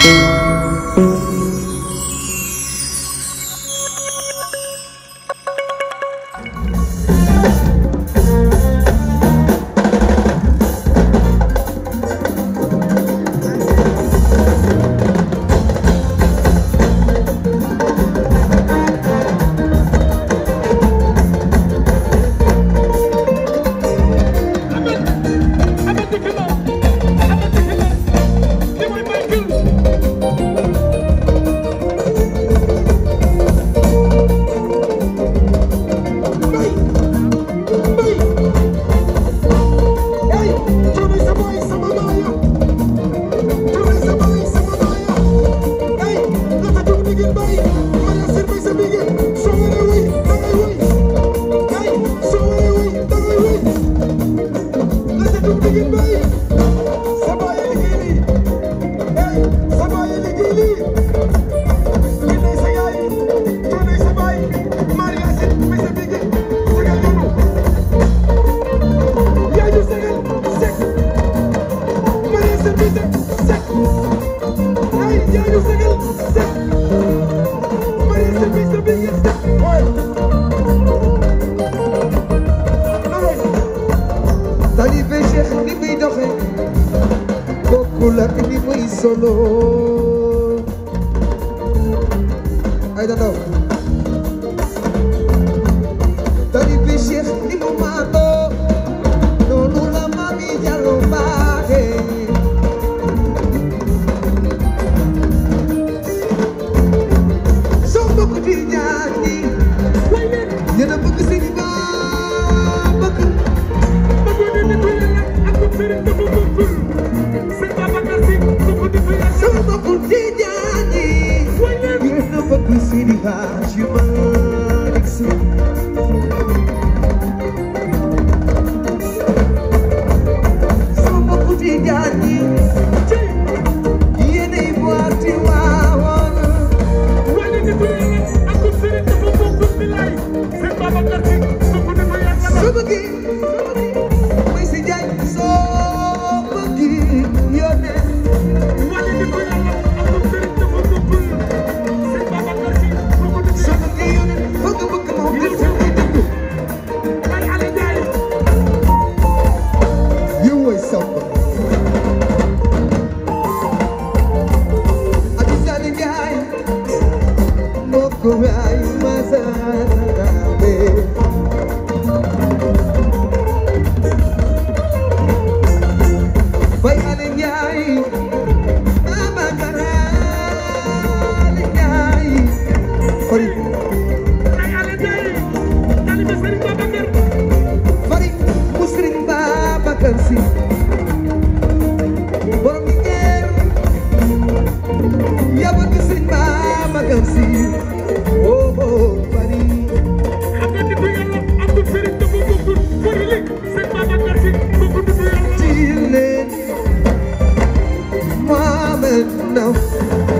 thank you Aida Ndao ku ay mazal enough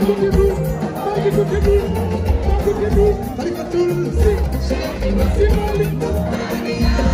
Thank you.